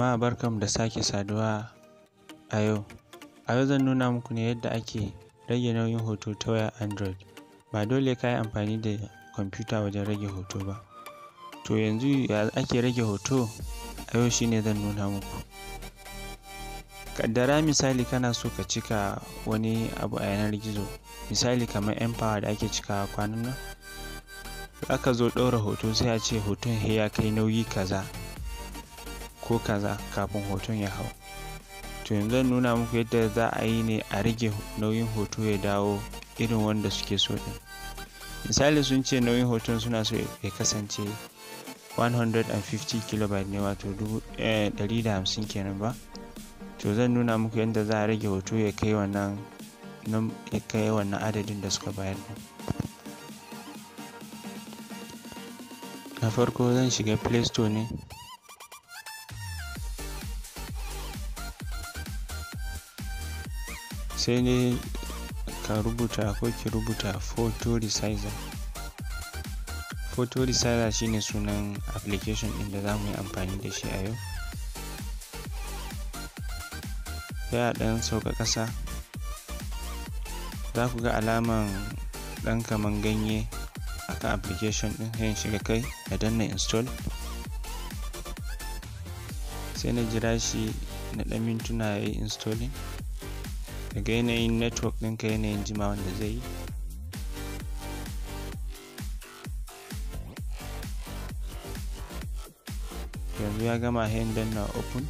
Jama'a barkanmu da sake saduwa a yau. A yau zan nuna muku ne yadda ake rage nauyin hoto ta wayar Android. Ba dole ka yi amfani da kwamfuta wajen rage hoto ba. To yanzu ya ake rage hoto? A yau shi ne zan nuna muku. Kaddara misali kana so ka cika wani abu a yanar gizo, misali kamar Empower da ake cikawa kwanan nan. Aka zo ɗaura hoto sai a ce hoton he ya kai nauyi kaza. ko kaza kafin hoton ya hau to yanzu zan nuna muku yadda za a yi ne a rage nauyin hoto ya dawo irin wanda suke so din misali sun ce nauyin hoton suna so ya kasance 150 kb ne wato 150 eh, kenan ba to zan nuna muku yadda za a rage hoto ya kai wannan ya kai wannan adadin da suka bayar din na farko zan shiga play store ne sai ne ka rubuta ko ki rubuta photo resizer photo shine sunan application ɗin da za mu yi amfani da shi a yau ya ɗan sauka ƙasa za ku ga alaman ɗan kaman ganye akan application ɗin sai shiga kai na danna install sai na jira shi na ɗan mintuna ya yi installing daga yanayin network ɗinka yanayin jima da zai yi yanzu ya gama hain danna open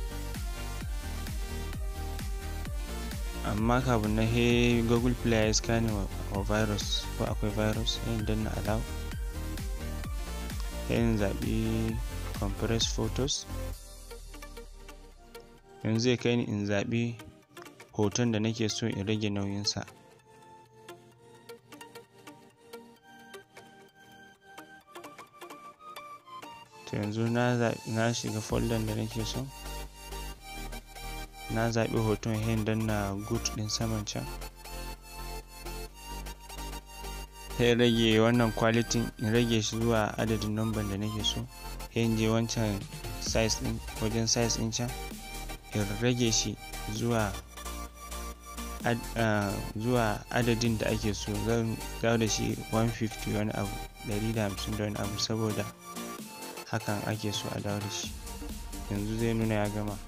amma kafin na he google play ya scanning wa virus ko akwai virus hain danna allow hain zaɓi compress photos yanzu zai kai ni in zaɓi hoton da nake so in rage nauyinsa to yanzu na shiga folder da nake so na zaɓi hoton hen na good ɗin saman can sai rage wannan kwalitin in rage shi zuwa adadin number da nake so sai je wancan size ɗin wajen size ɗin can in rage shi zuwa Uh, zuwa adadin da ake so zan dawo da shi 150 wani abu 150 da wani abu saboda hakan ake so a dawo da shi yanzu zai nuna ya gama